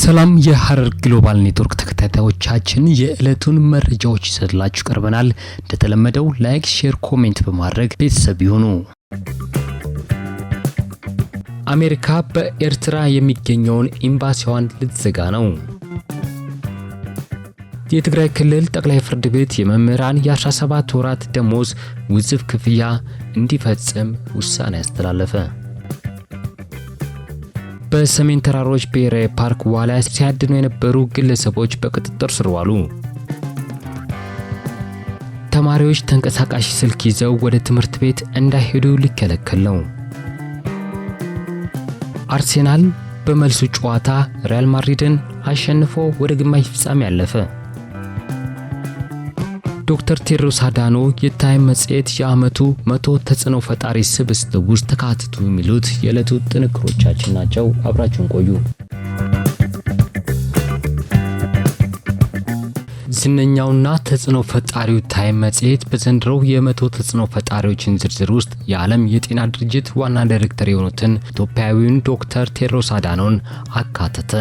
ሰላም የሀረር ግሎባል ኔትወርክ ተከታታዮቻችን የዕለቱን መረጃዎች ይሰጥላችሁ ቀርበናል። እንደተለመደው ላይክ፣ ሼር፣ ኮሜንት በማድረግ ቤተሰብ ይሁኑ። አሜሪካ በኤርትራ የሚገኘውን ኤምባሲዋን ልትዘጋ ነው። የትግራይ ክልል ጠቅላይ ፍርድ ቤት የመምህራን የ17 ወራት ደሞዝ ውዝፍ ክፍያ እንዲፈጽም ውሳኔ አስተላለፈ። በሰሜን ተራሮች ብሔራዊ ፓርክ ዋልያ ሲያድኑ የነበሩ ግለሰቦች በቁጥጥር ስር ዋሉ። ተማሪዎች ተንቀሳቃሽ ስልክ ይዘው ወደ ትምህርት ቤት እንዳይሄዱ ሊከለከል ነው። አርሴናል በመልሱ ጨዋታ ሪያል ማድሪድን አሸንፎ ወደ ግማሽ ፍጻሜ አለፈ። ዶክተር ቴድሮስ አዳኖ የታይም መጽሔት የዓመቱ መቶ ተጽዕኖ ፈጣሪ ስብስብ ውስጥ ተካትቱ የሚሉት የዕለቱ ጥንክሮቻችን ናቸው። አብራችሁን ቆዩ። ዝነኛውና ተጽዕኖ ፈጣሪው ታይም መጽሔት በዘንድሮው የመቶ ተጽዕኖ ፈጣሪዎችን ዝርዝር ውስጥ የዓለም የጤና ድርጅት ዋና ዳይሬክተር የሆኑትን ኢትዮጵያዊውን ዶክተር ቴድሮስ አዳኖን አካተተ።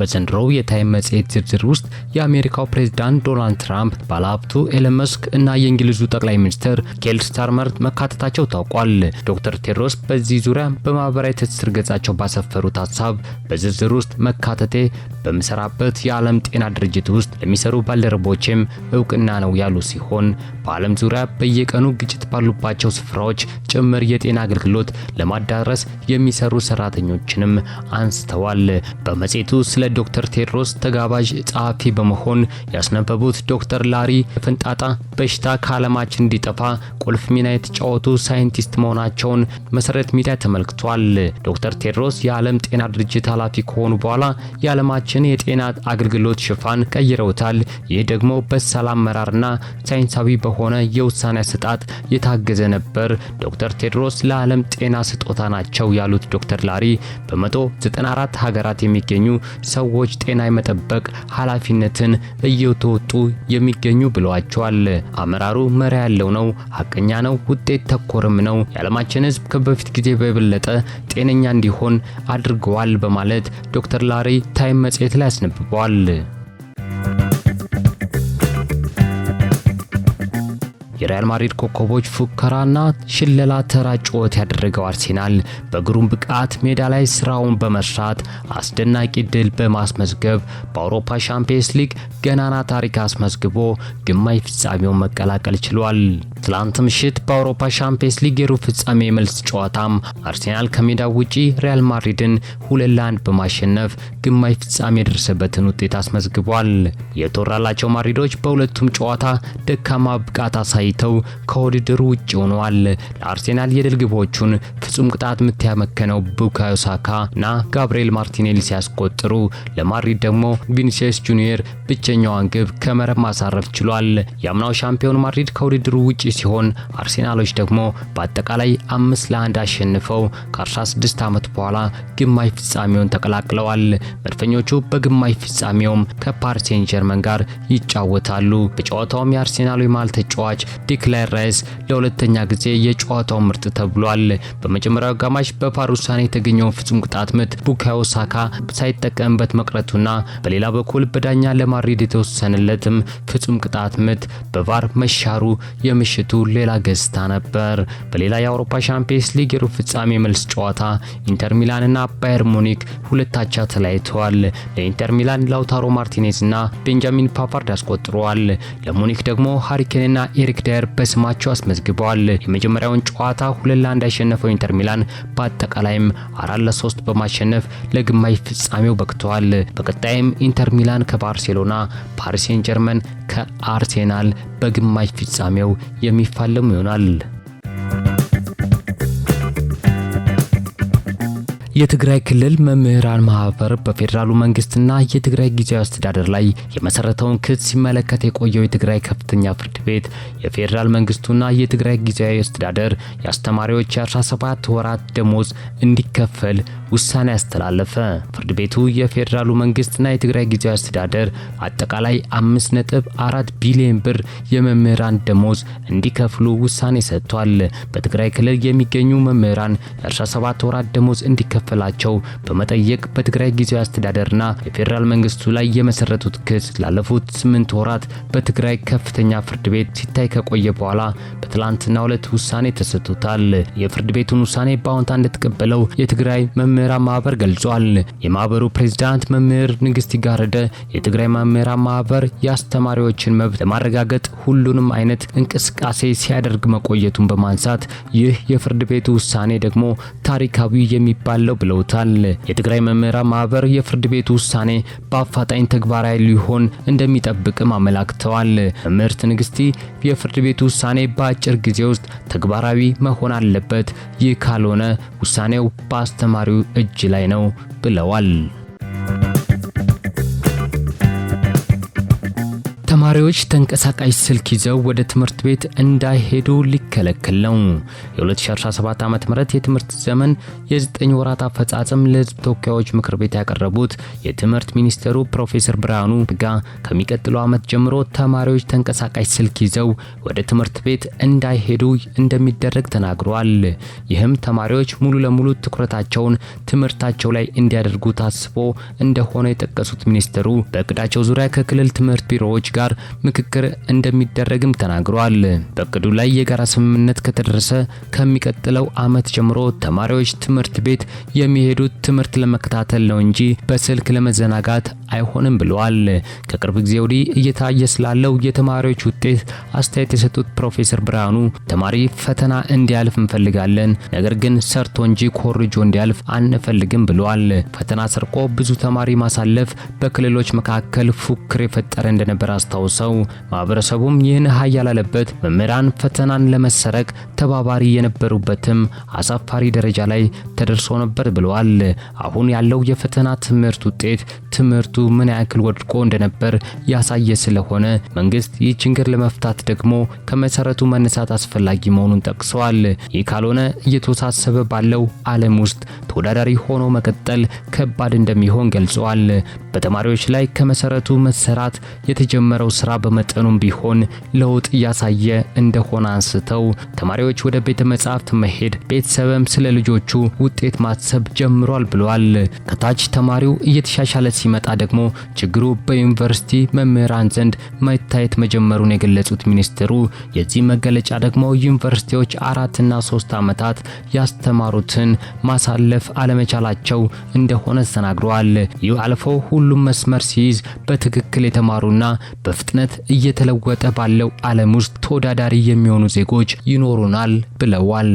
በዘንድሮው የታይም መጽሔት ዝርዝር ውስጥ የአሜሪካው ፕሬዝዳንት ዶናልድ ትራምፕ፣ ባለሀብቱ ኤለን መስክ እና የእንግሊዙ ጠቅላይ ሚኒስትር ኬር ስታርመር መካተታቸው ታውቋል። ዶክተር ቴድሮስ በዚህ ዙሪያ በማህበራዊ ትስስር ገጻቸው ባሰፈሩት ሀሳብ በዝርዝር ውስጥ መካተቴ በምሰራበት የዓለም ጤና ድርጅት ውስጥ ለሚሰሩ ባልደረቦችም እውቅና ነው ያሉ ሲሆን በዓለም ዙሪያ በየቀኑ ግጭት ባሉባቸው ስፍራዎች ጭምር የጤና አገልግሎት ለማዳረስ የሚሰሩ ሰራተኞችንም አንስተዋል። በመጽሔቱ ስለ ዶክተር ቴድሮስ ተጋባዥ ጸሐፊ በመሆን ያስነበቡት ዶክተር ላሪ ፍንጣጣ በሽታ ከዓለማችን እንዲጠፋ ቁልፍ ሚና የተጫወቱ ሳይንቲስት መሆናቸውን መሰረት ሚዲያ ተመልክቷል። ዶክተር ቴድሮስ የዓለም ጤና ድርጅት ኃላፊ ከሆኑ በኋላ የዓለማችን የጤና አገልግሎት ሽፋን ቀይረውታል። ይህ ደግሞ በሰላም አመራርና ሳይንሳዊ በሆነ የውሳኔ አሰጣጥ የታገዘ ነበር። ዶክተር ቴድሮስ ለዓለም ጤና ስጦታ ናቸው ያሉት ዶክተር ላሪ በ194 ሀገራት የሚገኙ ሰዎች ጤና የመጠበቅ ኃላፊነትን እየተወጡ የሚገኙ ብለዋቸዋል። አመራሩ መሪ ያለው ነው፣ ሀቀኛ ነው፣ ውጤት ተኮርም ነው። የዓለማችን ህዝብ ከበፊት ጊዜ በበለጠ ጤነኛ እንዲሆን አድርገዋል በማለት ዶክተር ላሪ ታይም መጽሔት ላይ አስነብበዋል። የሪያል ማድሪድ ኮከቦች ፉከራና ሽለላ ተራ ጨዋታ ያደረገው አርሴናል በግሩም ብቃት ሜዳ ላይ ስራውን በመስራት አስደናቂ ድል በማስመዝገብ በአውሮፓ ሻምፒየንስ ሊግ ገናና ታሪክ አስመዝግቦ ግማሽ ፍጻሜውን መቀላቀል ችሏል። ትላንት ምሽት በአውሮፓ ሻምፒየንስ ሊግ የሩብ ፍጻሜ የመልስ ጨዋታም አርሴናል ከሜዳው ውጪ ሪያል ማድሪድን ሁለት ለአንድ በማሸነፍ ግማሽ ፍጻሜ የደረሰበትን ውጤት አስመዝግቧል። የጦራላቸው ማድሪዶች በሁለቱም ጨዋታ ደካማ ብቃት አሳይተው ከውድድሩ ውጭ ሆነዋል። ለአርሴናል የድል ግቦቹን ፍጹም ቅጣት ምት ያመከነው ቡካዮ ሳካ እና ጋብሪኤል ማርቲኔሊ ሲያስቆጥሩ ለማድሪድ ደግሞ ቪኒሲየስ ጁኒየር ብቸኛዋን ግብ ከመረብ ማሳረፍ ችሏል። የአምናው ሻምፒዮን ማድሪድ ከውድድሩ ውጭ ውጪ ሲሆን አርሴናሎች ደግሞ በአጠቃላይ አምስት ለአንድ አሸንፈው ከ16 ዓመት በኋላ ግማሽ ፍጻሜውን ተቀላቅለዋል። መድፈኞቹ በግማሽ ፍጻሜውም ከፓሪስ ጀርመን ጋር ይጫወታሉ። በጨዋታውም የአርሴናሉ የመሃል ተጫዋች ዲክላይን ራይስ ለሁለተኛ ጊዜ የጨዋታው ምርጥ ተብሏል። በመጀመሪያው አጋማሽ በቫር ውሳኔ የተገኘውን ፍጹም ቅጣት ምት ቡካዮ ሳካ ሳይጠቀምበት መቅረቱና በሌላ በኩል በዳኛ ለማድሪድ የተወሰነለትም ፍጹም ቅጣት ምት በቫር መሻሩ የምሽ ምሽቱ ሌላ ገጽታ ነበር። በሌላ የአውሮፓ ሻምፒየንስ ሊግ የሩብ ፍጻሜ መልስ ጨዋታ ኢንተር ሚላንና ባየር ሙኒክ ሁለታቻ ተለያይተዋል። ለኢንተር ሚላን ላውታሮ ማርቲኔዝና ቤንጃሚን ፓፋርድ አስቆጥረዋል። ለሙኒክ ደግሞ ሃሪኬንና ኤሪክ ዳየር በስማቸው አስመዝግበዋል። የመጀመሪያውን ጨዋታ ሁለት ለአንድ ያሸነፈው ኢንተር ሚላን በአጠቃላይም አራት ለሶስት በማሸነፍ ለግማሽ ፍጻሜው በቅተዋል። በቀጣይም ኢንተር ሚላን ከባርሴሎና፣ ፓሪስ ጀርመን ከአርሴናል በግማሽ ፍጻሜው የሚፋለሙ ይሆናል። የትግራይ ክልል መምህራን ማህበር በፌዴራሉ መንግስትና የትግራይ ጊዜያዊ አስተዳደር ላይ የመሰረተውን ክስ ሲመለከት የቆየው የትግራይ ከፍተኛ ፍርድ ቤት የፌዴራል መንግስቱና የትግራይ ጊዜያዊ አስተዳደር የአስተማሪዎች የ17 ወራት ደሞዝ እንዲከፈል ውሳኔ አስተላለፈ። ፍርድ ቤቱ የፌዴራሉ መንግስትና የትግራይ ጊዜያዊ አስተዳደር አጠቃላይ 5.4 ቢሊዮን ብር የመምህራን ደሞዝ እንዲከፍሉ ውሳኔ ሰጥቷል። በትግራይ ክልል የሚገኙ መምህራን የ 7 ወራት ደሞዝ እንዲከፈላቸው በመጠየቅ በትግራይ ጊዜያዊ አስተዳደርና የፌዴራል መንግስቱ ላይ የመሰረቱት ክስ ላለፉት 8 ወራት በትግራይ ከፍተኛ ፍርድ ቤት ሲታይ ከቆየ በኋላ በትላንትናው ዕለት ውሳኔ ተሰጥቶታል። የፍርድ ቤቱን ውሳኔ በአዎንታ እንድትቀበለው የትግራይ መምህራን መምህራን ማህበር ገልጿል። የማህበሩ ፕሬዝዳንት መምህር ንግስቲ ጋረደ የትግራይ መምህራን ማህበር የአስተማሪዎችን መብት ለማረጋገጥ ሁሉንም አይነት እንቅስቃሴ ሲያደርግ መቆየቱን በማንሳት ይህ የፍርድ ቤቱ ውሳኔ ደግሞ ታሪካዊ የሚባለው ብለውታል። የትግራይ መምህራን ማህበር የፍርድ ቤቱ ውሳኔ በአፋጣኝ ተግባራዊ ሊሆን እንደሚጠብቅም አመላክተዋል። መምህርት ንግስቲ የፍርድ ቤቱ ውሳኔ በአጭር ጊዜ ውስጥ ተግባራዊ መሆን አለበት፣ ይህ ካልሆነ ውሳኔው በአስተማሪው እጅ ላይ ነው ብለዋል። ተማሪዎች ተንቀሳቃሽ ስልክ ይዘው ወደ ትምህርት ቤት እንዳይሄዱ ሊከለከል ነው። የ2017 ዓ.ም የትምህርት ዘመን የ9 ወራት አፈጻጸም ለሕዝብ ተወካዮች ምክር ቤት ያቀረቡት የትምህርት ሚኒስትሩ ፕሮፌሰር ብርሃኑ ጋ ከሚቀጥለው ዓመት ጀምሮ ተማሪዎች ተንቀሳቃሽ ስልክ ይዘው ወደ ትምህርት ቤት እንዳይሄዱ እንደሚደረግ ተናግሯል። ይህም ተማሪዎች ሙሉ ለሙሉ ትኩረታቸውን ትምህርታቸው ላይ እንዲያደርጉ ታስቦ እንደሆነ የጠቀሱት ሚኒስትሩ በእቅዳቸው ዙሪያ ከክልል ትምህርት ቢሮዎች ጋር ምክክር እንደሚደረግም ተናግሯል። በእቅዱ ላይ የጋራ ስምምነት ከተደረሰ ከሚቀጥለው ዓመት ጀምሮ ተማሪዎች ትምህርት ቤት የሚሄዱት ትምህርት ለመከታተል ነው እንጂ በስልክ ለመዘናጋት አይሆንም ብለዋል። ከቅርብ ጊዜ ወዲህ እየታየ ስላለው የተማሪዎች ውጤት አስተያየት የሰጡት ፕሮፌሰር ብርሃኑ ተማሪ ፈተና እንዲያልፍ እንፈልጋለን፣ ነገር ግን ሰርቶ እንጂ ኮርጆ እንዲያልፍ አንፈልግም ብለዋል። ፈተና ሰርቆ ብዙ ተማሪ ማሳለፍ በክልሎች መካከል ፉክክር የፈጠረ እንደነበር አስታውሰው ሰው ማህበረሰቡም ይህን ሀያላለበት መምህራን ፈተናን ለመሰረቅ ተባባሪ የነበሩበትም አሳፋሪ ደረጃ ላይ ተደርሶ ነበር ብለዋል። አሁን ያለው የፈተና ትምህርት ውጤት ትምህርቱ ምን ያክል ወድቆ እንደነበር ያሳየ ስለሆነ መንግስት ይህ ችግር ለመፍታት ደግሞ ከመሰረቱ መነሳት አስፈላጊ መሆኑን ጠቅሰዋል። ይህ ካልሆነ እየተወሳሰበ ባለው ዓለም ውስጥ ተወዳዳሪ ሆኖ መቀጠል ከባድ እንደሚሆን ገልጸዋል። በተማሪዎች ላይ ከመሰረቱ መሰራት የተጀመረው ስራ በመጠኑም ቢሆን ለውጥ እያሳየ እንደሆነ አንስተው ተማሪዎች ወደ ቤተ መጻሕፍት መሄድ፣ ቤተሰብም ስለ ልጆቹ ውጤት ማሰብ ጀምሯል ብለዋል። ከታች ተማሪው እየተሻሻለ ሲመጣ ደግሞ ችግሩ በዩኒቨርሲቲ መምህራን ዘንድ መታየት መጀመሩን የገለጹት ሚኒስትሩ የዚህ መገለጫ ደግሞ ዩኒቨርሲቲዎች አራትና ሶስት ዓመታት ያስተማሩትን ማሳለፍ አለመቻላቸው እንደሆነ ተናግረዋል። ይህ አልፈው ሁሉ ሁሉም መስመር ሲይዝ በትክክል የተማሩና በፍጥነት እየተለወጠ ባለው ዓለም ውስጥ ተወዳዳሪ የሚሆኑ ዜጎች ይኖሩናል ብለዋል።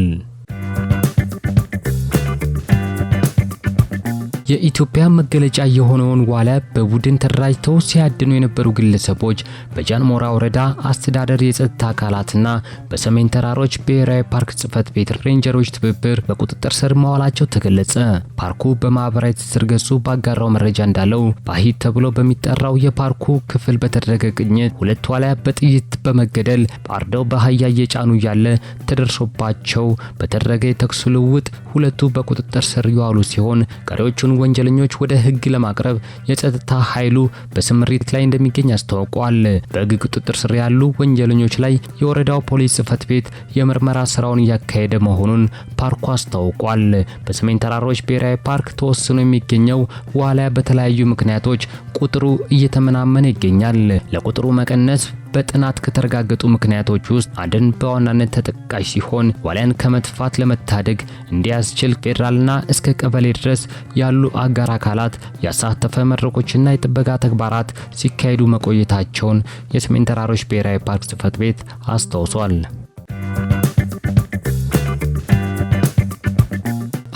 የኢትዮጵያ መገለጫ የሆነውን ዋለ በቡድን ተደራጅተው ሲያድኑ የነበሩ ግለሰቦች በጃን ሞራ ወረዳ አስተዳደር የጸጥታ አካላትና በሰሜን ተራሮች ብሔራዊ ፓርክ ጽህፈት ቤት ሬንጀሮች ትብብር በቁጥጥር ስር መዋላቸው ተገለጸ። ፓርኩ በማህበራዊ ትስስር ገጹ ባጋራው መረጃ እንዳለው ባሂድ ተብሎ በሚጠራው የፓርኩ ክፍል በተደረገ ቅኝት ሁለት ዋለ በጥይት በመገደል በአርደው በአህያ እየጫኑ እያለ ተደርሶባቸው በተደረገ የተኩስ ልውውጥ ሁለቱ በቁጥጥር ስር የዋሉ ሲሆን ቀሪዎቹን ወንጀለኞች ወደ ህግ ለማቅረብ የጸጥታ ኃይሉ በስምሪት ላይ እንደሚገኝ አስታውቋል። በህግ ቁጥጥር ስር ያሉ ወንጀለኞች ላይ የወረዳው ፖሊስ ጽህፈት ቤት የምርመራ ስራውን እያካሄደ መሆኑን ፓርኩ አስታውቋል። በሰሜን ተራሮች ብሔራዊ ፓርክ ተወስኖ የሚገኘው ዋልያ በተለያዩ ምክንያቶች ቁጥሩ እየተመናመነ ይገኛል። ለቁጥሩ መቀነስ በጥናት ከተረጋገጡ ምክንያቶች ውስጥ አደን በዋናነት ተጠቃሽ ሲሆን ዋልያን ከመጥፋት ለመታደግ እንዲያስችል ፌዴራልና እስከ ቀበሌ ድረስ ያሉ አጋር አካላት ያሳተፈ መድረኮችና የጥበቃ ተግባራት ሲካሄዱ መቆየታቸውን የሰሜን ተራሮች ብሔራዊ ፓርክ ጽሕፈት ቤት አስታውሷል።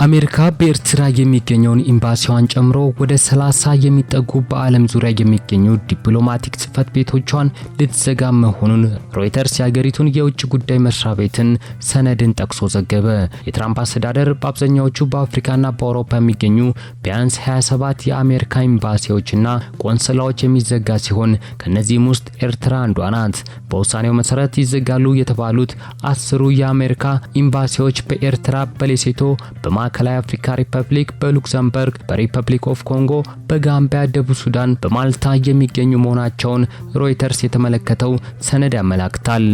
አሜሪካ በኤርትራ የሚገኘውን ኤምባሲዋን ጨምሮ ወደ 30 የሚጠጉ በዓለም ዙሪያ የሚገኙ ዲፕሎማቲክ ጽህፈት ቤቶቿን ልትዘጋ መሆኑን ሮይተርስ የአገሪቱን የውጭ ጉዳይ መስሪያ ቤትን ሰነድን ጠቅሶ ዘገበ። የትራምፕ አስተዳደር በአብዛኛዎቹ በአፍሪካና በአውሮፓ የሚገኙ ቢያንስ 27 የአሜሪካ ኤምባሲዎችና ቆንስላዎች የሚዘጋ ሲሆን ከእነዚህም ውስጥ ኤርትራ አንዷ ናት። በውሳኔው መሰረት ይዘጋሉ የተባሉት አስሩ የአሜሪካ ኤምባሲዎች በኤርትራ በሌሴቶ በማ በማዕከላዊ አፍሪካ ሪፐብሊክ፣ በሉክሰምበርግ፣ በሪፐብሊክ ኦፍ ኮንጎ፣ በጋምቢያ፣ ደቡብ ሱዳን፣ በማልታ የሚገኙ መሆናቸውን ሮይተርስ የተመለከተው ሰነድ ያመላክታል።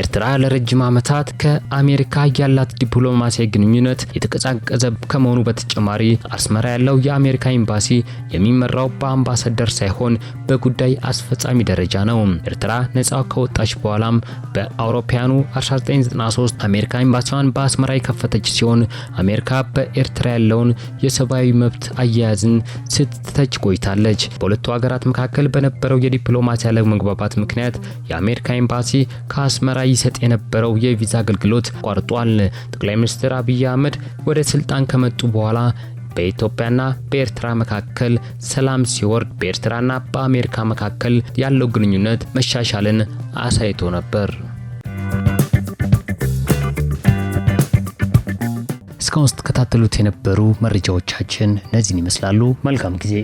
ኤርትራ ለረጅም ዓመታት ከአሜሪካ ያላት ዲፕሎማሲያዊ ግንኙነት የተቀዛቀዘ ከመሆኑ በተጨማሪ አስመራ ያለው የአሜሪካ ኤምባሲ የሚመራው በአምባሳደር ሳይሆን በጉዳይ አስፈጻሚ ደረጃ ነው። ኤርትራ ነጻ ከወጣች በኋላም በአውሮፓያኑ 1993 አሜሪካ ኤምባሲዋን በአስመራ የከፈተች ሲሆን አሜሪካ በ በኤርትራ ያለውን የሰብአዊ መብት አያያዝን ስትተች ቆይታለች። በሁለቱ ሀገራት መካከል በነበረው የዲፕሎማሲ አለመግባባት ምክንያት የአሜሪካ ኤምባሲ ከአስመራ ይሰጥ የነበረው የቪዛ አገልግሎት ቋርጧል። ጠቅላይ ሚኒስትር አብይ አህመድ ወደ ስልጣን ከመጡ በኋላ በኢትዮጵያና በኤርትራ መካከል ሰላም ሲወርድ በኤርትራና በአሜሪካ መካከል ያለው ግንኙነት መሻሻልን አሳይቶ ነበር። እስካሁን ስትከታተሉት የነበሩ መረጃዎቻችን እነዚህን ይመስላሉ። መልካም ጊዜ